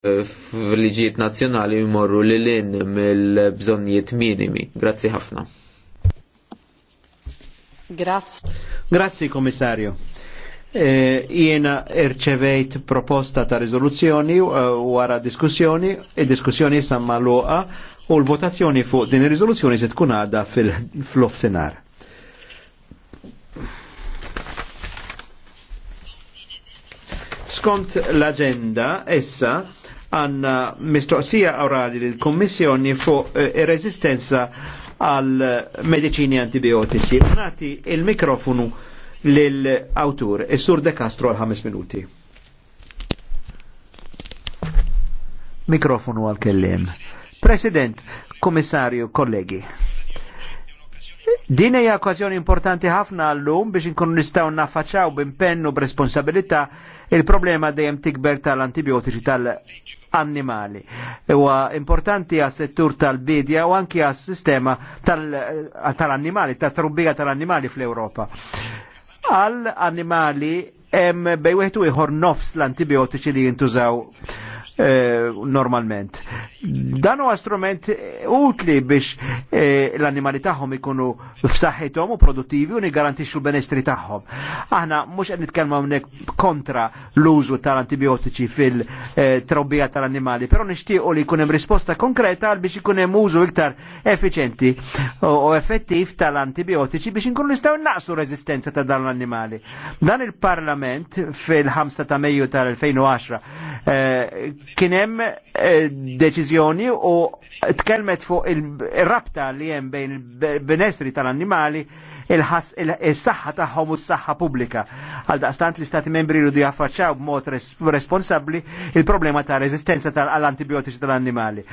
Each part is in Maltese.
fil-liġijiet nazzjonali jmorru l in mill-bżonnijiet minimi. Grazzi ħafna. Grazzi. Grazzi komissarju. Jena eh, jiena irċevejt proposta ta' rizoluzzjoni eh, wara diskussjoni, il-diskussjoni e samma loqa u l-votazzjoni fuq din ir-riżoluzzjoni se tkun għadha fil-offsenar. Skont l-agenda, essa għanna mistoqsija orali l-Kommissjoni fuq eh, resistenza għal medicini antibiotici. Nati il-mikrofonu l-autur, il-Sur De Castro għal 5 minuti. Mikrofonu għal kellim. President, Komissarju, kollegi. Din hija okkażjoni importanti ħafna għallum biex inkunu nistgħu naffaċċaw b'impenn u b'responsabilità Il-problema dejjem tikber tal-antibiotiċi tal-annimali. Huwa importanti għas settur tal-bidja u anki għas sistema tal-annimali, tal tal-trubbija tal-annimali fl-Europa. Għal-annimali hemm bejwetu iħor nofs l-antibiotiċi li jintużaw Eh, normalment. Dan huwa strument utli biex eh, l-annimali tagħhom ikunu f'saħħithom u produttivi u nigarantixxu l-benestri tagħhom. Aħna mhux qed nitkellmu hawnhekk kontra l-użu tal-antibiotiċi fil-trobbija eh, tal-annimali, però nixtiequ li jkun hemm risposta konkreta għal biex ikun hemm użu iktar effiċenti u effettiv tal-antibiotiċi biex inkunu nistgħu naqsu reżistenza ta' dan l-annimali. Dan il-Parlament fil-5 ta' Mejju tal-2010 kienem eh, deċizjoni u tkelmet fuq il-rabta li jem bejn il-benestri tal-annimali il-saħħa tagħhom u s-saħħa pubblika. Għal daqstant l stati membri jridu jaffaċċaw b'mod responsabbli il-problema ta' reżistenza tal-antibiotiċi tal-annimali.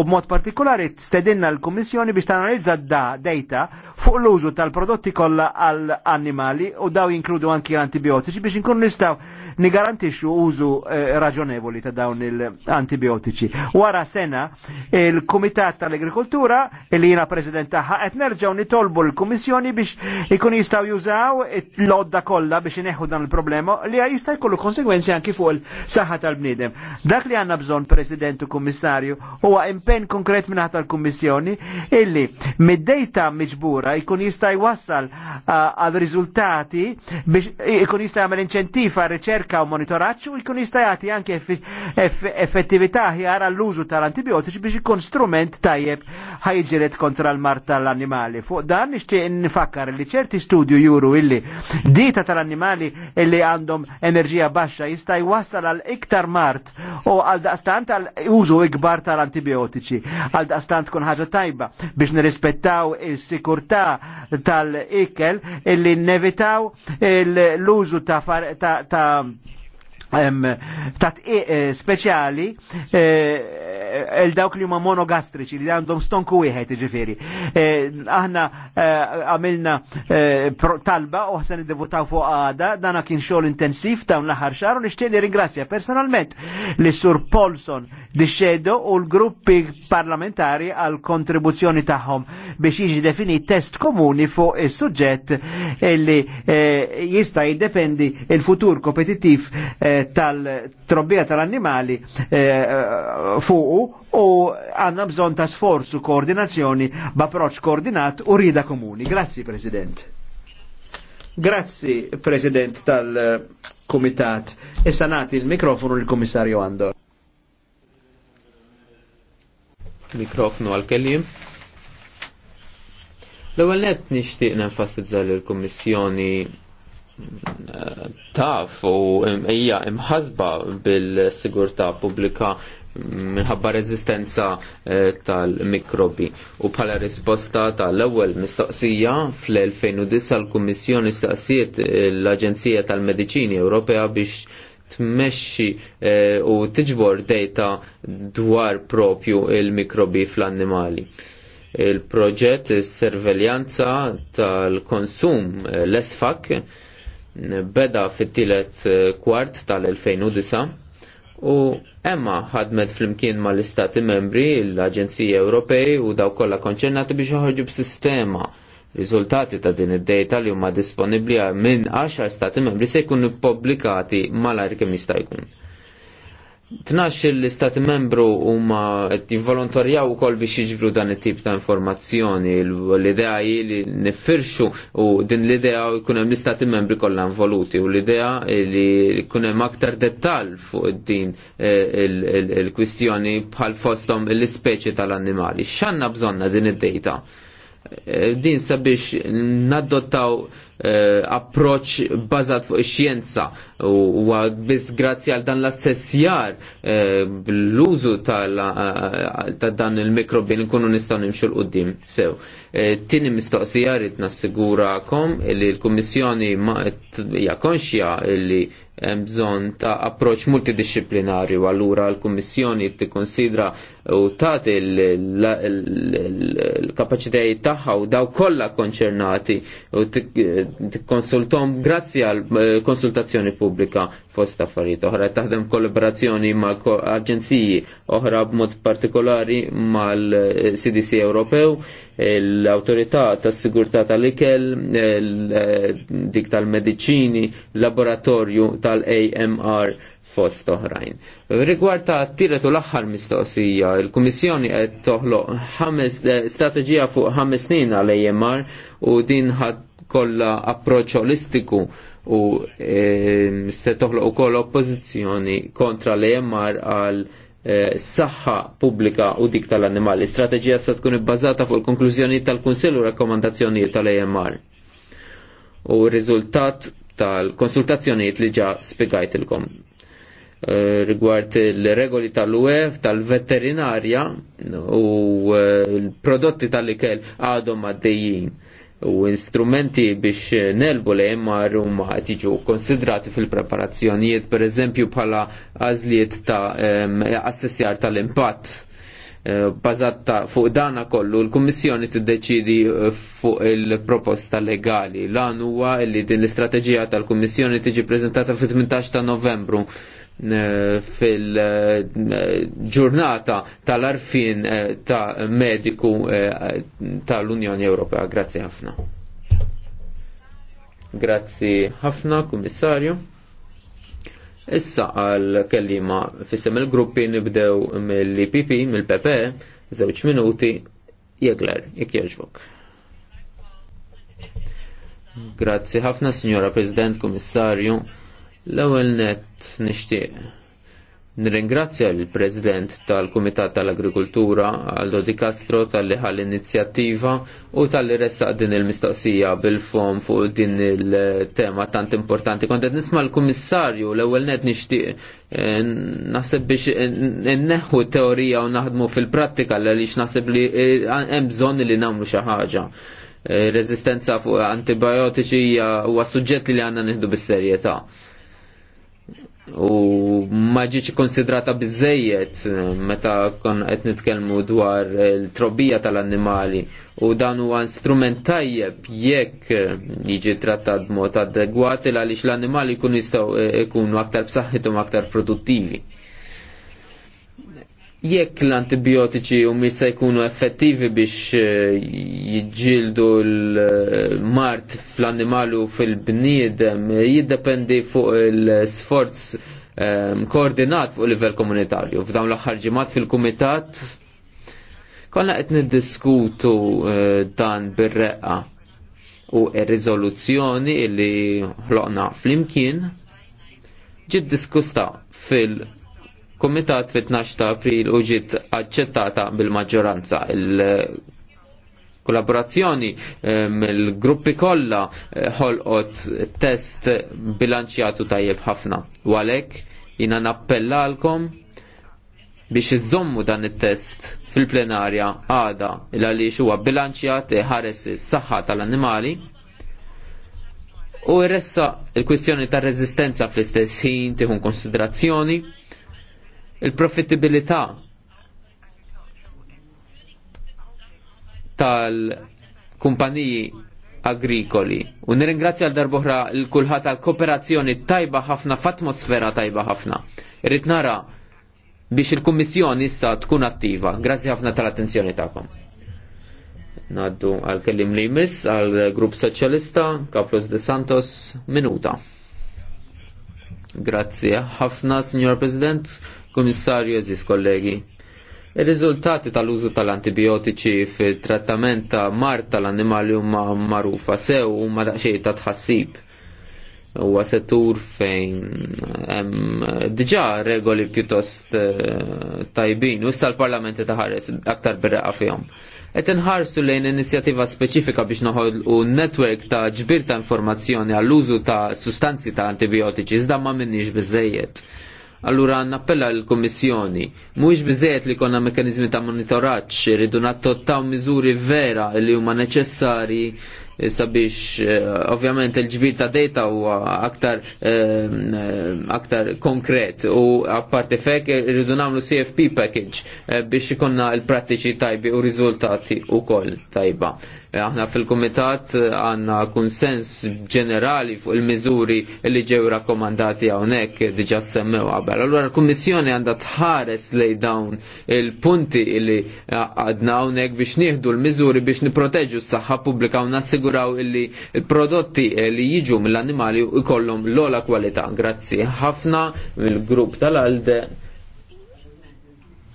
U b'mod partikolari stedinna l-Kummissjoni biex tanalizza da data fuq l-użu tal-prodotti kollha għall annimali u daw jinkludu anki l-antibiotiċi biex inkun nistaw nigarantixxu użu eh, raġonevoli ta' dawn il-antibiotiċi. Wara sena il-Kumitat tal-Agrikoltura li jina President tagħha qed nerġgħu nitolbu l-Kummissjoni biex ikun jistaw jużaw l-odda kollha biex ineħħu dan il-problema li jista' jkollu konsekwenzi anki fuq il-saħħa tal-bniedem. Dak li għandna bżonn President u Kummissarju huwa impenn konkret minn tal-Kummissjoni illi mid-dejta miġbura jkun jista' jwassal għal riżultati biex ikun jista' jagħmel inċentif għal riċerka u monitoraġġ u jkun jista' jagħti anki effettività ħjar għall-użu tal-antibiotiċi biex ikun strument tajjeb ħajġiret kontra l-mart tal-annimali. Fuq dan nixtieq nifakkar ċar li ċerti studju juru illi dita tal-annimali illi għandhom enerġija baxxa jista' jwassal għal iktar mart u għal daqstant għal użu ikbar tal-antibiotiċi. Għal daqstant kun ħaġa tajba biex nirrispettaw il-sikurtà tal-ikel illi nevitaw l-użu ta', ta, ta, ta tat e, e, speċjali il e, dawk li huma monogastriċi li għandhom stonku wieħed ġifieri. Aħna għamilna talba u ħsan iddevutaw fuq għada, dana kien xogħol intensiv ta' l-aħħar xahar u nixtieq li ringrazzja personalment li sur Polson dixxedo u l-gruppi parlamentari għal kontribuzzjoni tagħhom biex jiġi defini test komuni fuq is-suġġett li jista' jiddependi il-futur kompetittiv tal-trobbija tal-annimali eh, eh, fuqu u għanna bżon ta' sforzu koordinazzjoni b'approċċ koordinat u rida komuni. Grazzi, President. Grazzi, President tal-Kumitat. Issa nagħti il-mikrofonu l-Kummissarju Andor. Mikrofonu għal-kellim. L-ewwel net nixtieq nenfasizza l-kommissjoni taf u hija imħazba bil-sigurtà pubblika minħabba rezistenza eh, tal-mikrobi. U bħala risposta tal-ewwel mistoqsija fl-2009 l-Kummissjoni staqsiet l-Aġenzija tal-Mediċini Ewropea biex tmexxi eh, u tiġbor data dwar propju il-mikrobi fl-annimali il-proġett is-serveljanza tal-konsum eh, l-esfak beda fit-tielet eh, kwart tal-2009 u emma ħadmet flimkien mal istati membri, l-Aġenziji Ewropej u daw kollha konċernati biex joħorġu b'sistema Riżultati ta' din id-data li huma disponibbli minn 10 stati membri se jkunu pubblikati mal kemm jista' jkun. Tnax il istati membru huma qed jivvolontarjaw ukoll biex jiġbru dan it-tip ta' informazzjoni l-idea hi li nifirxu u din l-idea jkun hemm l-istati membri kollha involuti u l-idea li jkun hemm aktar dettall fuq din eh, il-kwistjoni bħal fosthom l-ispeċi tal-annimali. X'għandna bżonna din id-dejta? Eh, din sabiex naddottaw eh, approċ bazat fuq ix-xjenza u biss grazzi għal dan l-assessjar eh, l-użu eh, ta' dan il-mikrobi nkunu nistgħu nimxu l-qudiem sew. Eh, tini mistoqsija rrid nassigurakom li l-Kummissjoni hija konxja li hemm bżonn ta' approċ u allura l-Kummissjoni tikkonsidra u tagħti il kapacitej tagħha u daw kollha konċernati u tikkonsultom grazzi għal eh, konsultazzjoni pubblika fost affarijiet oħra taħdem kollaborazzjoni ma' aġenziji oħra b'mod partikolari mal-CDC Ewropew l-autorità tas sigurtà tal-ikel, eh, dik tal-medicini, laboratorju tal-AMR fost oħrajn. Rigward ta' tiret u l-axħar mistoqsija, il-Kummissjoni qed toħloq ħames eh, strateġija fuq ħames snin għal AMR u din ħad kollha approċċ holistiku u e, se toħloq ukoll oppożizzjoni kontra l emr għal eh, saħħa pubblika u dik tal-annimali. Strateġija se tkun ibbażata fuq il-konklużjoni tal-Kunsill u rakkomandazzjonijiet tal-AMR. U r-riżultat tal-konsultazzjonijiet li ġa il-kom. Eh, rigward il-regoli tal-UEF, tal-veterinarja u eh, l-prodotti tal-ikel għadhom għaddejjin u instrumenti biex nelbu li jemmar rumma tiġu konsidrati fil-preparazzjonijiet, per eżempju bħala għażliet ta' assessjar tal-impatt eh, bazat fuq dana kollu l-Kummissjoni deċidi fuq il-proposta legali. L-għan huwa li din l-istrateġija tal-Kummissjoni tiġi preżentata fil 18 ta' Novembru fil-ġurnata tal-arfin eh, ta' mediku eh, tal-Unjoni Ewropea. Grazzi ħafna. Grazzi ħafna, kummissarju. Issa għal kellima fissem il-gruppi nibdew mill-IPP, mill-PP, zewċ minuti, jegler, jek jieġbok. Grazzi ħafna, Signora President, Kummissarju L-ewwel net nixtieq nirringrazzja l-President tal-Kumitat tal-Agrikultura Aldo Di Castro tal-li ħal inizjattiva u tal-li ressaq din il-mistoqsija bil-fom fuq din il-tema tant importanti. Kontet nisma l-Kummissarju l-ewwel nett nixtieq eh, naħseb biex neħu teorija u naħdmu fil-prattika għaliex naħseb li eh, hemm bżonn li nagħmlu xi ħaġa eh, rezistenza fuq antibiotiċi huwa suġġetti li għandna nieħdu bis-serjetà u ma konsidrata bizzejiet eh, meta kon qed nitkellmu dwar il-trobija tal-annimali u dan huwa instrument tajjeb jekk eh, jiġi trattat b'mod adegwat għaliex l-annimali jkunu jistgħu jkunu eh, aktar b'saħħithom aktar produttivi jekk l-antibiotiċi u se jkunu effettivi biex eh, jġildu l-mart fl-animalu fil-bniedem jiddependi fuq l-sforz ehm, koordinat fuq livell komunitarju. F'dawn l-aħħar ġimgħat fil-kumitat konna qed niddiskutu eh, dan bir-reqqa u r-riżoluzzjoni li ħloqna fl-imkien ġid diskusta fil- Komitat fit-12 ta' april u ġiet aċċettata bil-maġġoranza. kollaborazzjoni eh, mill-gruppi kollha eh, ħolqot test bilanċjatu tajjeb ħafna. U għalhekk jiena nappellalkom biex iżommu dan it-test fil-plenarja għada il għaliex huwa bilanċjat e ħares is-saħħa tal-annimali u ressa il-kwistjoni tar-reżistenza fl-istess ħin tieħu konsiderazzjoni il-profittibilità tal-kumpaniji agrikoli. U nirringrazzja għal darbohra l-kulħat għal kooperazzjoni tajba ħafna f'atmosfera tajba ħafna. Irrid nara biex il-Kummissjoni issa tkun attiva. Grazzi ħafna tal-attenzjoni tagħkom. Naddu għal kellim li mis għal Grupp Soċjalista, Kaplus de Santos, minuta. Grazzi ħafna, Signor President. Komissarju eżis kollegi. Il-riżultati tal-użu tal-antibiotiċi fit-trattament ta' mart tal-annimali huma marufa sew huma daqsxejn ta' tħassib. Huwa settur fejn hemm diġà regoli pjuttost eh, tajbin u issa l-Parlamenti taħares aktar birreqa fihom. Qed inħarsu lejn inizjattiva speċifika biex noħolqu netwerk ta' ġbir ta' informazzjoni għall-użu ta' sustanzi ta' antibiotiċi iżda ma minniex biżejjed Allura nappella l-Kommissjoni, mhuwiex biżejjed li konna mekanizmi ta' monitoraġġ, irridu nattottaw miżuri vera li huma neċessari eh, sabiex eh, ovvjament il-ġbir ta' data huwa aktar eh, aktar konkret u apparti fek irridu nagħmlu CFP package biex ikonna l-prattiċi tajbi u riżultati wkoll tajba. E aħna fil-Kumitat e, għanna konsens ġenerali fuq il-miżuri li ġew rakkomandati hawnhekk e, diġà semmew qabel. Allura l-Kummissjoni għandha tħares lej dawn il-punti li għadna hawnhekk biex nieħdu l-miżuri biex niproteġu s-saħħa pubblika u nassiguraw illi prodotti li jiġu mill-annimali jkollhom l-ola kwalità. Grazzi ħafna mill-grupp tal-Alde.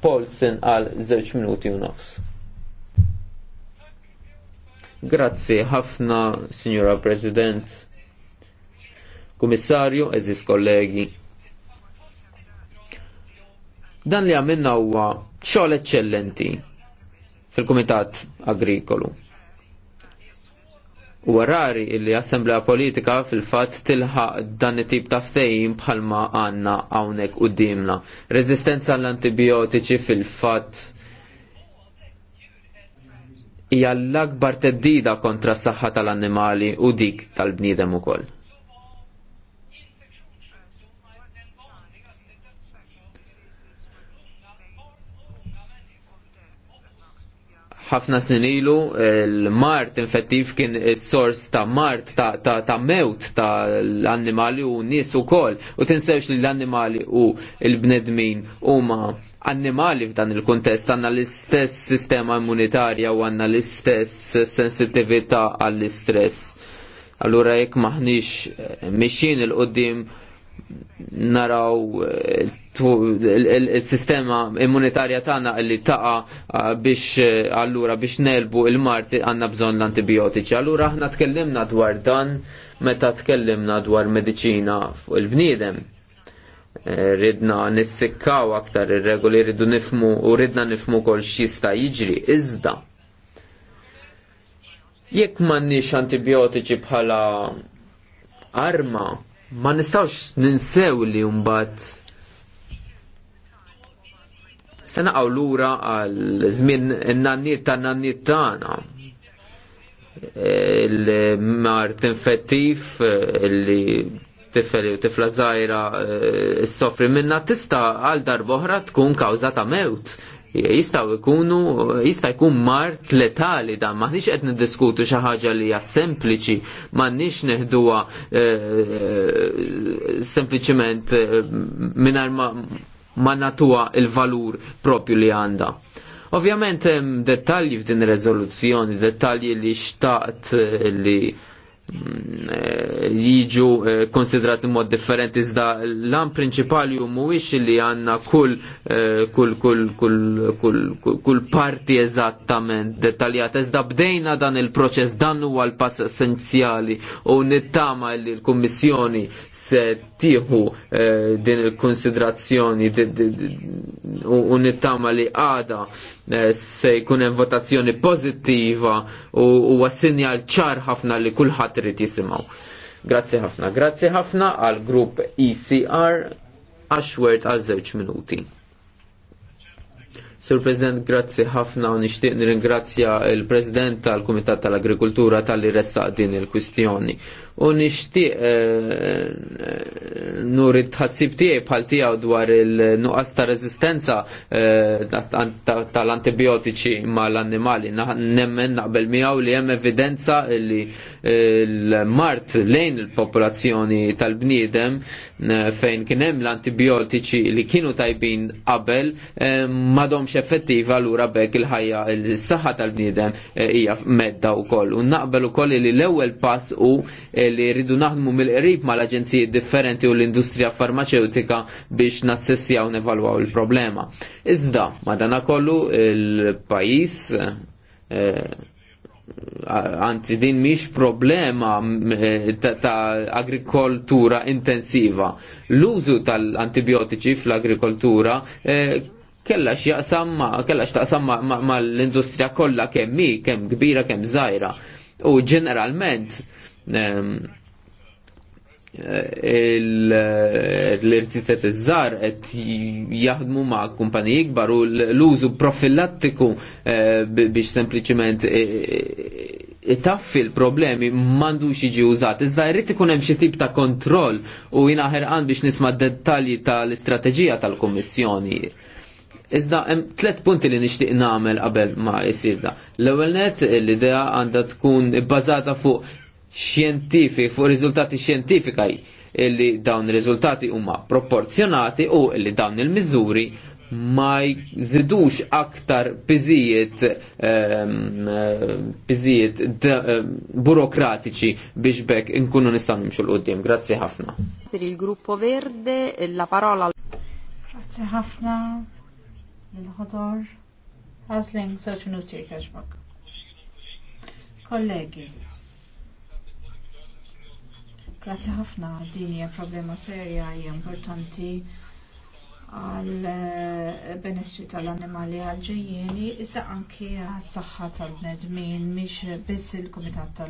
Paulsen għal 10 minuti u nofs. Grazzi ħafna, Signora President, Kummissarju, eżis kollegi. Dan li għamilna huwa xogħol eċċellenti fil-Kumitat Agrikolu. U rari li Assemblea Politika fil-fatt tilħaq dan it-tip ta' ftejim bħalma għanna hawnhekk qudiemna. Reżistenza l-antibiotiċi fil-fatt hija l-akbar teddida kontra s-saħħa tal-annimali u dik tal-bniedem ukoll. ħafna snin ilu l-mart infettiv kien is-sors ta' mart ta', ta, ta mewt ta' l-annimali u nies ukoll u tinsewx li l-annimali u l-bnedmin huma annimali f'dan il-kontest għanna l-istess sistema immunitarja u għanna l-istess sensitivita għall-istress. Allura jekk maħniex eh, mixin il-qoddim naraw eh, il-sistema immunitarja tagħna li taqa eh, biex allura biex nelbu il-marti għandna bżonn l-antibiotiċi. Allura aħna tkellimna dwar dan meta tkellimna dwar medicina fuq il-bniedem ridna nissikkaw aktar ir-regoli ridu nifmu u ridna nifmu kol xista jiġri iżda. Jekk m'għandniex antibiotiċi bħala arma, ma nistawx ninsew li mbagħad sena għawlura lura għal żmien in nannit ta' nannit tagħna. Il-mart il li tifel u tifla zaħira eh, s-sofri minna tista għal darboħra tkun kawza ta' mewt jistaw ikunu, jista jkun mart letali dan, maħniċ qed niddiskutu xi ħaġa li hija sempliċi, m'għandniex neħduha eh, sempliċement eh, mingħajr ma natuha il-valur propju li għandha. Ovvjament hemm dettalji f'din ir-reżoluzzjoni, dettalji li xtaqt li Mm, eh, jiġu eh, konsidrati mod differenti iżda l-an u mhuwiex li għandna eh, kull kull kull kull kull parti eżattament detaljata iżda bdejna dan il-proċess dan huwa l-pass essenzjali u nittama li l-Kummissjoni se tieħu din il-konsidrazzjoni u nittama li għada se jkun hemm votazzjoni pożittiva u huwa sinjal ċar ħafna li kulħadd irrid jisimgħu. Grazzi ħafna, grazzi ħafna għal grupp ECR għaxwert għal żewġ minuti. Sur President, grazzi ħafna u nixtieq nirringrazzja il-President tal-Kumitat tal-Agrikultura tal-li ressaq din il-kwistjoni u nixtieq eh, eh, nur it-tħassib tiegħi bħal tiegħu dwar il-nuqqas ta' reżistenza eh, tal-antibiotiċi mal-annimali. Nemmen naqbel miegħu li hemm evidenza li l-mart lejn il-popolazzjoni tal-bniedem fejn kien hemm l-antibiotiċi li kienu tajbin qabel m'għadhomx effettiva lura bekk il-ħajja il-saħħa tal-bniedem hija medda wkoll. U naqbel ukoll li l-ewwel pass u li rridu naħdmu mill-qrib mal-aġenziji differenti u l-industrija farmaceutika biex nassessjaw nevalwaw il-problema. Iżda, madana kollu il-pajis eh, anzi din miex problema eh, ta', agrikoltura intensiva. L-użu tal-antibiotiċi fl-agrikoltura kellax eh, kella ma l mal-industrija kollha kemm mi, kemm kbira, kemm żgħira. U ġeneralment l-irtitet iż-żar qed jaħdmu ma' kumpaniji ikbar u l-użu profilattiku eh, biex sempliċement eh, eh, taffi l-problemi m'għandux jiġi użat. Iżda jrid ikun hemm xi tip ta' kontroll u jiena ħerqan biex nisma' dettalji tal-istrateġija tal-Kummissjoni. Iżda hemm tliet punti li nixtieq nagħmel qabel ma jisirda. L-ewwel net l-idea għandha tkun bbażata fuq xjentifik, fuq riżultati xjentifika illi dawn ir-riżultati huma proporzjonati u illi dawn il-miżuri ma jżidux aktar biżijiet biżijiet ehm, eh, eh, burokratiċi biex bekk inkunu nistgħu nimxu l-qudiem. Grazzi ħafna. Per il-Gruppo Verde la parola Grazzi ħafna il-ħodor. Għazling soċinu tirkaxbak. Kollegi, Grazzi ħafna, din hija problema serja hija importanti għal eh, benessri tal-annimali għal ġejjeni, iżda anki għas saħħa tal-bnedmin, miex biss il-Kumitat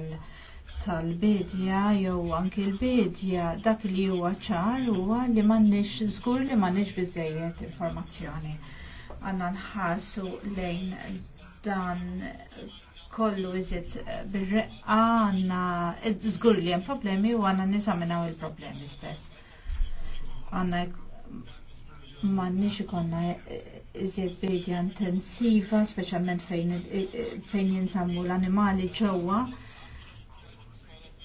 tal-Bedja jew anki l-Bedja, dak li huwa ċar huwa li m'għandniex żgur li m'għandniex biżejjed informazzjoni. Għandna nħarsu lejn dan kollu iżjed eh, bil-reqqa għanna eh, zgur li jem problemi u għanna nisaminaw il-problemi stess. Għanna ma nix ikonna eh, iżjed bidja intensiva, specialment fejn, fejn jinsammu l-animali ġewwa.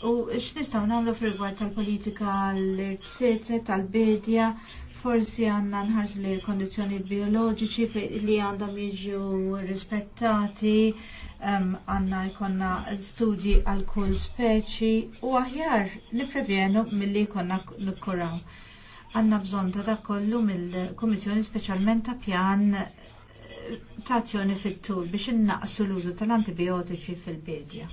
U x'nistgħu nagħmlu fil-rigward tal-politika l-irtsiet tal-bidja, forsi għanna nħarġ li kondizjoni bioloġiċi li għandhom jiġu rispettati għandna jkollna studji għal kull speċi u aħjar nipprevenu milli jkollna nikkuraw. Għandna bżonn ta' dak kollu mill-Kummissjoni speċjalment ta' pjan eh, ta' azzjoni fit-tul biex innaqsu l-użu tal-antibiotiċi fil-bedja.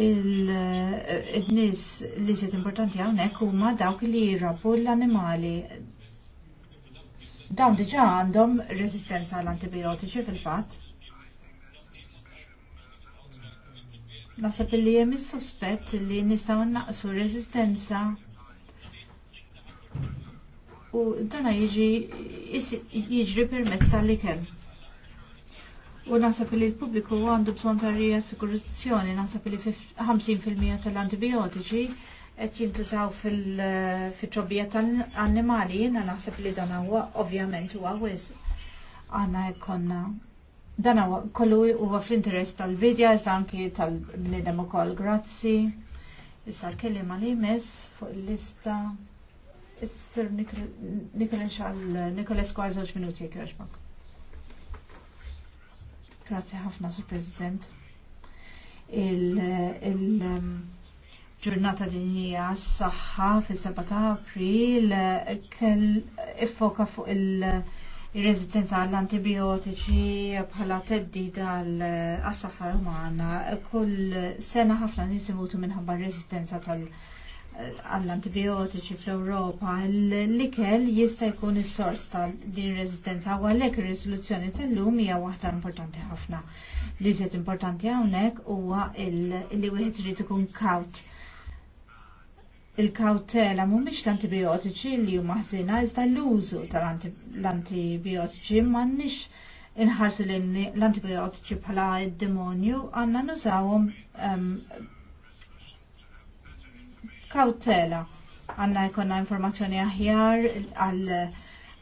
Eh, il-nis li siet importanti għawnek huma dawk li jirrabu l-animali dawn diġa għandhom resistenza għall antibiotiċi fil-fatt. Nasab li hemm is-sospett li nistgħu naqsu resistenza. u dana jiġi jiġri permezz tal-ikel. U nasab li l-pubbliku għandu bżonn ta' riassikurazzjoni, nasab li 50% tal-antibiotiċi qed jintużaw fil-ċobbija tal-annimali, jiena naħseb li dan huwa ovvjament huwa wis. Għandna jkollna dan huwa kollu huwa fl-interess tal-bidja, iżda anke tal-bniedem ukoll grazzi. Issa l-kelima li jmiss fuq il-lista. Isser Nikolas għal żewġ minuti jekk jogħġbok. Grazzi ħafna, Sur President. il, il um, ġurnata dinjija s-saħħa fis-7 ta' April kell iffoka fuq il-rezistenza għall antibiotiċi bħala teddida għas-saħħa umana. Kull sena ħafna nies imutu minħabba r-reżistenza għall-antibiotiċi fl-Ewropa. L-ikel jista' jkun is-sors ta' din ir-reżistenza u għalhekk ir-riżoluzzjoni tal-lum hija waħda importanti ħafna. Li importanti hawnhekk huwa li wieħed irid ikun kaut il-kautela mhumiex l-antibiotiċi li huma ħsina iżda l-użu tal-antibiotiċi m'għandniex inħarsu l-antibiotiċi bħala id demonju għandna nużawhom ehm, kautela għandna jkollna informazzjoni aħjar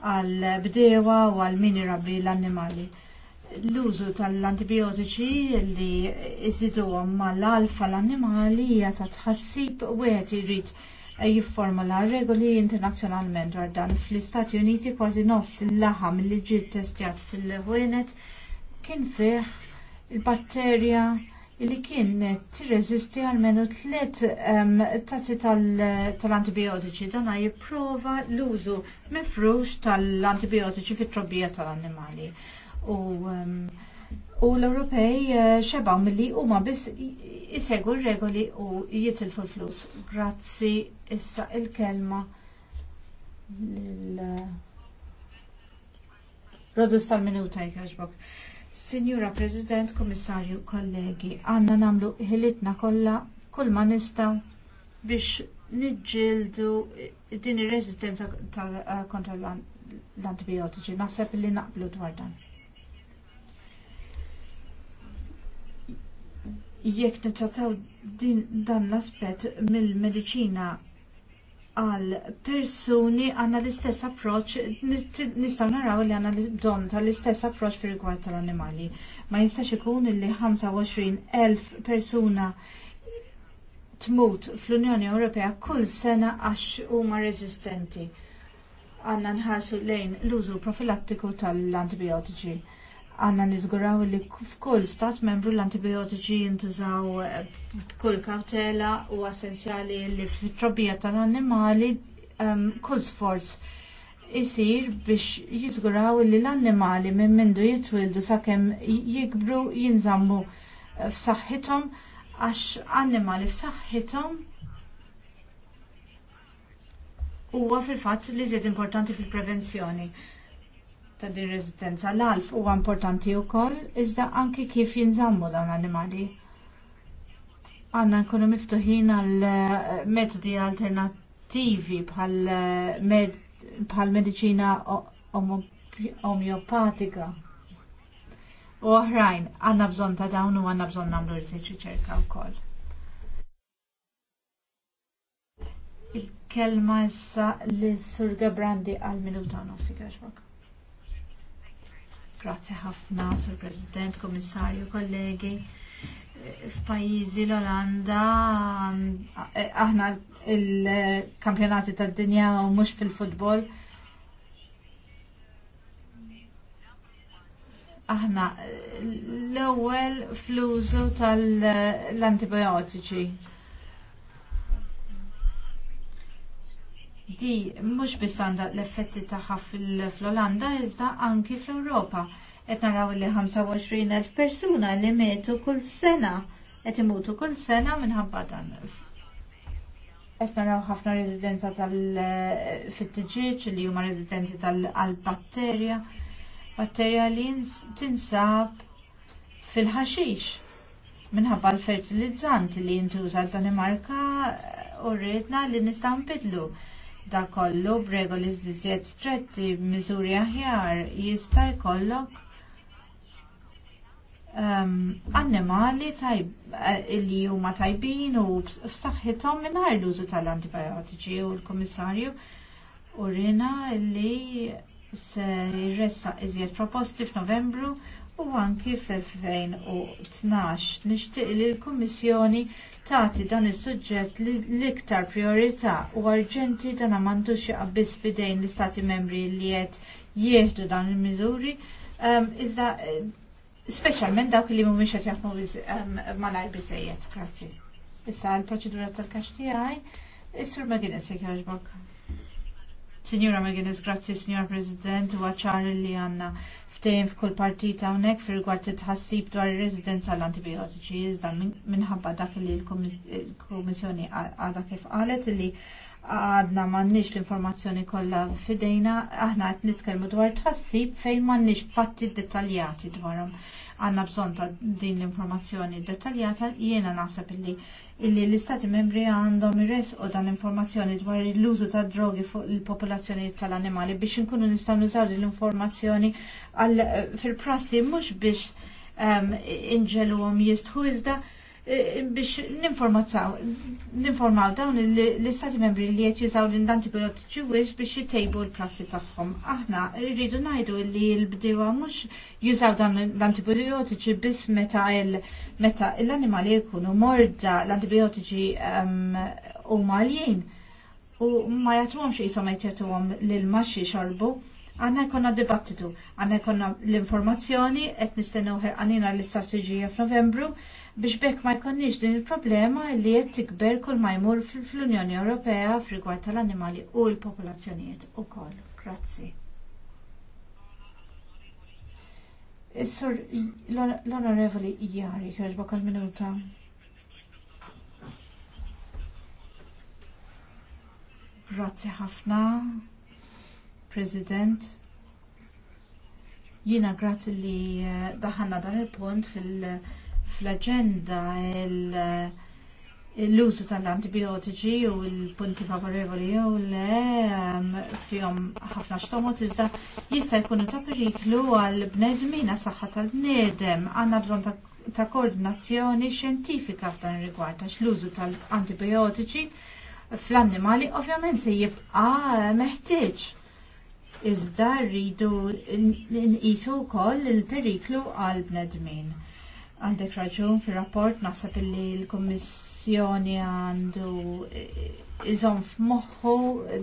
għal bdewa u għal min l-annimali l-użu tal-antibiotiċi li jżiduhom mal-alfa l-annimali hija ta' tħassib wieħed irid jifformula regoli internazzjonalment dwar dan fl-Istati Uniti kważi nofs il-laħam li ġiet testjat fil-ħwienet kien fih il-batterja li kien tirreżisti għalmenu tliet um, tazzi tal-antibiotiċi. Dana jipprova l-użu mifrux tal-antibiotiċi fit-trobbija tal-annimali. tal antibiotiċi fit trobbija tal tal antibiotiċi fit trobbija tal annimali u um, u l-Ewropej uh, xebaw milli huma biss jisegu r-regoli u jitilfu l-flus. Grazzi issa il-kelma l-Rodus tal-minuta jkaġbok. Signora President, Komissarju, kollegi, għanna namlu ħilitna kolla kull ma nista biex nidġildu din ir-resistenza uh, kontra l-antibiotiċi. Naħseb li naqblu dwar dan. jekk nitrataw din dan l-aspett mill-mediċina għal persuni għandna l-istess approċ, nistgħu naraw li għandna ta' tal-istess approċ fir rigward tal-animali. Ma jistax ikun li 25,000 persuna tmut fl-Unjoni Ewropea kull sena għax huma reżistenti. Għandna nħarsu lejn l-użu profilattiku tal-antibiotiċi għanna nizguraw li f'kull stat membru l-antibiotiċi jintużaw eh, kull kautela u essenzjali li fit-trobbija tal-annimali um, kull sforz isir biex jizguraw li l-annimali minn mindu jitwildu sakemm jikbru jinżammu eh, f'saħħithom għax annimali f'saħħithom huwa fil-fatt li żied importanti fil-prevenzjoni ta' din rezistenza l-alf huwa importanti wkoll iżda anki kif jinżammu dawn l-animali. Għanna nkunu miftuħin għal eh, metodi alternattivi bħal eh, med bħal medicina omeopatika. U oħrajn, għanna bżon ta' dawn u għanna bżon namlu riċerka wkoll. il-kelma issa li Surga Brandi għal minuta nofsi għaxbak. Grazie ħafna, Sur President, Komissarju, kollegi. F'pajjiżi l-Olanda aħna il-kampjonati tad-dinja u mhux fil-futbol. Aħna l-ewwel fl-użu tal-antibiotiċi di mhux biss għandha l-effetti tagħha fl-Olanda iżda anki fl-Ewropa. Qed naraw li 25,000 persuna li metu kull sena qed imutu kull sena minħabba dan. Qed naraw ħafna rezidenza tal-fit-tġieġ li huma rezidenzi tal-batterja, batterja li tinsab fil-ħaxix minħabba l-fertilizzanti li jintuża d-Danimarka u rridna li nistgħu nbidlu Da kollu b'regoli żdiżjed stretti, miżuri aħjar, jista' jkollok um, annimali tajb, eh, li huma tajbin u f'saħħithom mingħajr l-użu tal-antibiotiċi u l-Kummissarju urina li se jressaq iżjed proposti f'Novembru u anki fl-2012 nixtieq li l-Kummissjoni tagħti dan is-suġġett l-iktar priorità u arġenti dan m'għandux jaqbis fidejn l-istati membri li qed jieħdu dan il-miżuri um, iżda eh, speċjalment dawk li mhumiex qed jaħdmu um, malajr biżejjed. Grazzi. Issa l-proċedura tal-kaxtijaj, is-sur Maginis jekk jogħġbok. Signora McGinnis, grazzi Signor President, u għacħar li għanna ftejn f'kull partita hawnhekk fil t tħassib dwar ir-residenza l-antibiotiċi iżda minħabba dak li l-Kummissjoni għadha kif qalet li għadna mannix l-informazzjoni kollha fidejna, aħna qed nitkellmu dwar tħassib fejn mannix fatti dettaljati dwarhom. Għanna bżonn ta' din l-informazzjoni dettaljata jiena naħseb illi illi l-istati membri għandhom res u dan informazzjoni dwar l-użu ta' drogi fuq il-popolazzjoni tal-animali biex nkunu nistgħu nużaw l-informazzjoni eh, fil-prassi mhux biex um, jistħu iżda Eh, biex ninformaw dawn l-istati membri li qed jużaw l-antibiotiċi wis biex jitejbu l-prassi tagħhom. Aħna rridu ngħidu li l-bdiewa mhux jużaw dawn l-antibiotiċi biss meta meta l-annimali jkunu morda l-antibiotiċi ehm, huma għaljin u ma jagħtuhomx qishom qed jagħtuhom lil xi xorbu. Għanna jkonna dibattitu, għanna jkonna l-informazzjoni, et nistennu ħerqanina l-istrateġija f'Novembru, biex bekk ma jkonniex din il-problema li qed tikber kull ma jmur fl-Unjoni Ewropea f'rigward tal-annimali u l-popolazzjonijiet ukoll. Grazzi. Is-sur l-onorevoli Jari kirġba kol minuta. Grazzi ħafna, President. Jina grazzi li eh, daħanna dan il-punt fil- fl-agenda l-użu tal-antibiotiċi u l-punti favorevoli jew le fihom ħafna xtomot iżda jista' jkunu ta' periklu għal bnedmin saħħa tal-bniedem għandna bżonn ta' koordinazzjoni xjentifika f'dan ir-rigward għax l-użu tal-antibiotiċi fl-annimali ovvjament se jibqa' meħtieġ iżda rridu nqisu wkoll il-periklu għal bnedmin. Għandek raġun fir rapport naħseb li l-Kommissjoni għandu iżom f'moħħu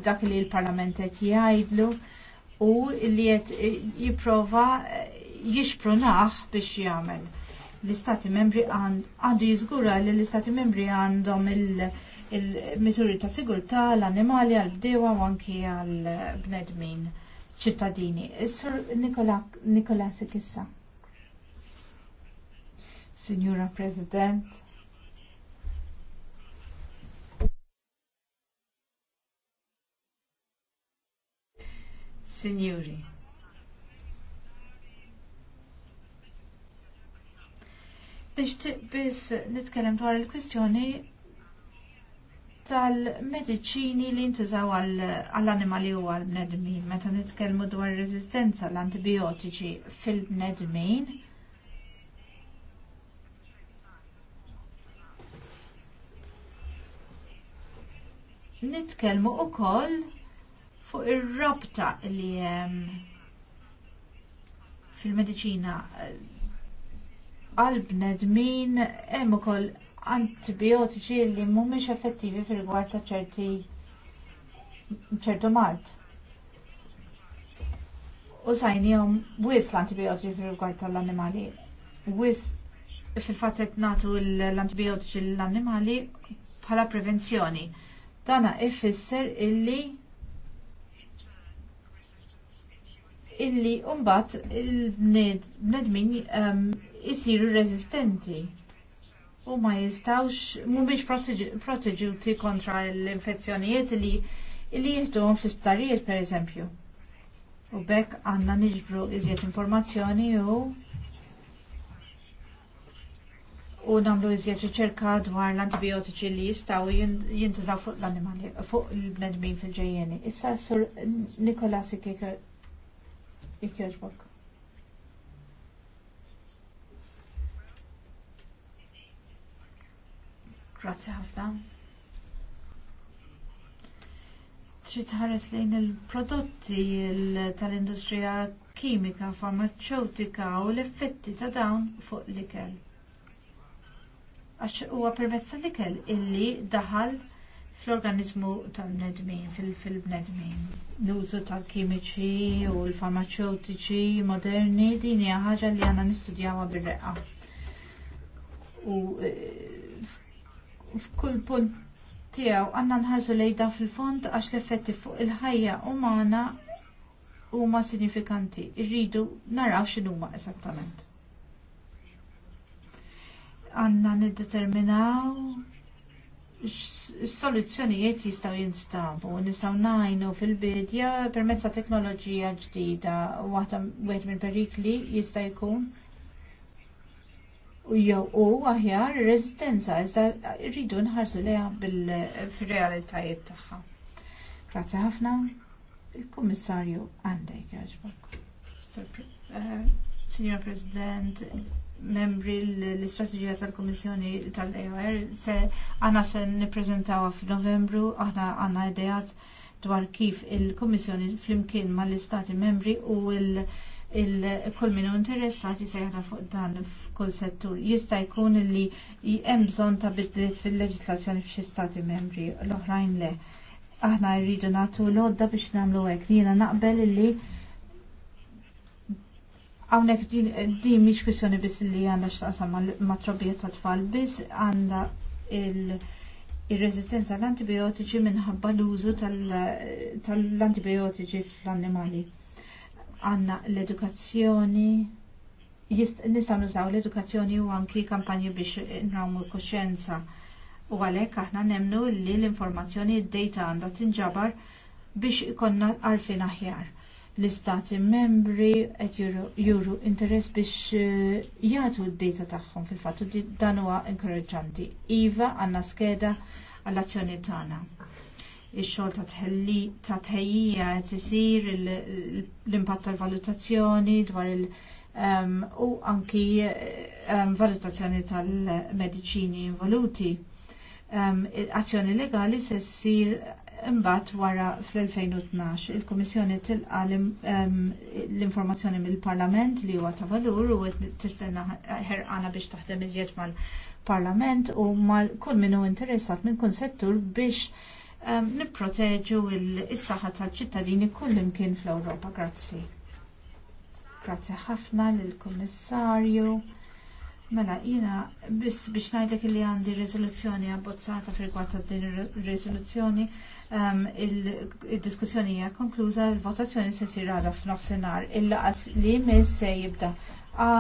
dak li l-Parlament qed jgħidlu u li qed jipprova jixprunaħ biex jagħmel. L-Istati Membri għandu jiżgura li l-Istati Membri għandhom il-miżuri ta' sigurtà l-annimali għal-bdewa u anki għal-bnedmin ċittadini. Is-Sur Nikola Sikissa. Signora President. Signori. Biex biss nitkellem dwar il-kwistjoni tal-mediċini li jintużaw għall-animali u għall-bnedmin, meta nitkellmu dwar r-rezistenza l-antibiotiċi fil-bnedmin nitkellmu wkoll fuq ir-rabta li fil-mediċina għal bnedmin hemm ukoll antibiotiċi li mhumiex effettivi fil-rigward ta' ċerti ċertu mart. U sajnijom wis l-antibiotiċi fil-rigward tal-annimali. Wis fil-fatet natu l-antibiotiċi l-annimali bħala prevenzjoni. Tana ifisser illi illi umbat il-bnedmin um, jisiru u ma jistawx mumiex proteġuti kontra l-infezzjonijiet li jieħduhom fl-isptarijiet per eżempju. U bekk għanna niġbru iżjed informazzjoni u u nagħmlu iżjed riċerka dwar l-antibiotiċi li jistgħu jintużaw fuq l-animali, fuq l-bnedmin fil-ġejjeni. Issa sur Nikolas Ikjoġbok. Grazie ħafna. Trid tħares lejn il-prodotti tal-industrija kimika, farmaceutika u l-effetti ta' dawn fuq l-ikel għax huwa permezz tal-ikel illi daħal fl-organizmu tal-bnedmin, fil-bnedmin. L-użu tal-kimiċi u l-farmaceutiċi moderni din hija ħaġa li għandna nistudjawha bir-reqqa. U e, f'kull punt tiegħu għandna nħarsu lejda fil-fond għax l-effetti fuq il-ħajja umana huma sinifikanti. Irridu naraw x'inhuma eżattament għanna niddeterminaw soluzzjonijiet jistaw jinstabu, nistaw najnu fil-bidja permezz ta' teknoloġija ġdida u waħda wieħed minn perikli jista' jkun u jew u aħjar resistenza iżda rridu nħarsu lejha fir realitajiet tagħha. Grazzi ħafna. Il-Kummissarju għandek jaġbok. Eh, Signor President, membri l-istrategija tal-Komissjoni tal aor se għana se niprezentawa f'Novembru aħna għandna idejat dwar kif il-Komissjoni flimkien ma l-Istati membri u il- kull minu interessati se jara fuq dan f'kull settur. Jista' jkun li hemm bżonn ta' bidliet fil-leġislazzjoni f'xi stati membri l-oħrajn le. Aħna rridu nagħtu l-għodda biex nagħmlu hekk. Jiena naqbel li Għawnek di miex kwissjoni bis li għanda xtaqsam ma' trobijiet ta' tfal biss għandha il-rezistenza l-antibiotiċi minħabba l-użu tal-antibiotiċi fl-annimali. Għanna l-edukazzjoni, nistan nużaw l-edukazzjoni u anki kampanji biex nrawmu koscienza. U għalek aħna nemnu li l-informazzjoni id-data għandha tinġabar biex ikonna għarfin aħjar l-istati membri qed juru interess biex eh, jagħtu d-data tagħhom fil-fatt u dan huwa inkoraġġanti. Iva għandna skeda għall-azzjoni tagħna. Ix-xogħol ta' tħejjija qed isir l-impatt tal-valutazzjoni dwar il- ehm, u anki ehm, valutazzjoni tal-mediċini involuti. Ehm, azzjoni legali se ssir Imbagħad wara fl-2012 il-Kummissjoni tilqa l-informazzjoni mill-Parlament li huwa ta' valur u tistenna ħerqana biex taħdem iżjed mal-Parlament u mal kull minnu interessat minn kun settur biex nipproteġu l-issaħħa tal-ċittadini kull imkien fl-Ewropa. Grazzi. Grazzi ħafna lill-Kummissarju. Mela, jina, biss biex najdek li għandi rizoluzzjoni abbozzata fil-kwart din rizoluzzjoni, um, ehm, il-diskussjoni hija konkluża, il-votazzjoni se sir għada f'nofsinhar. Il-laqas li mis se jibda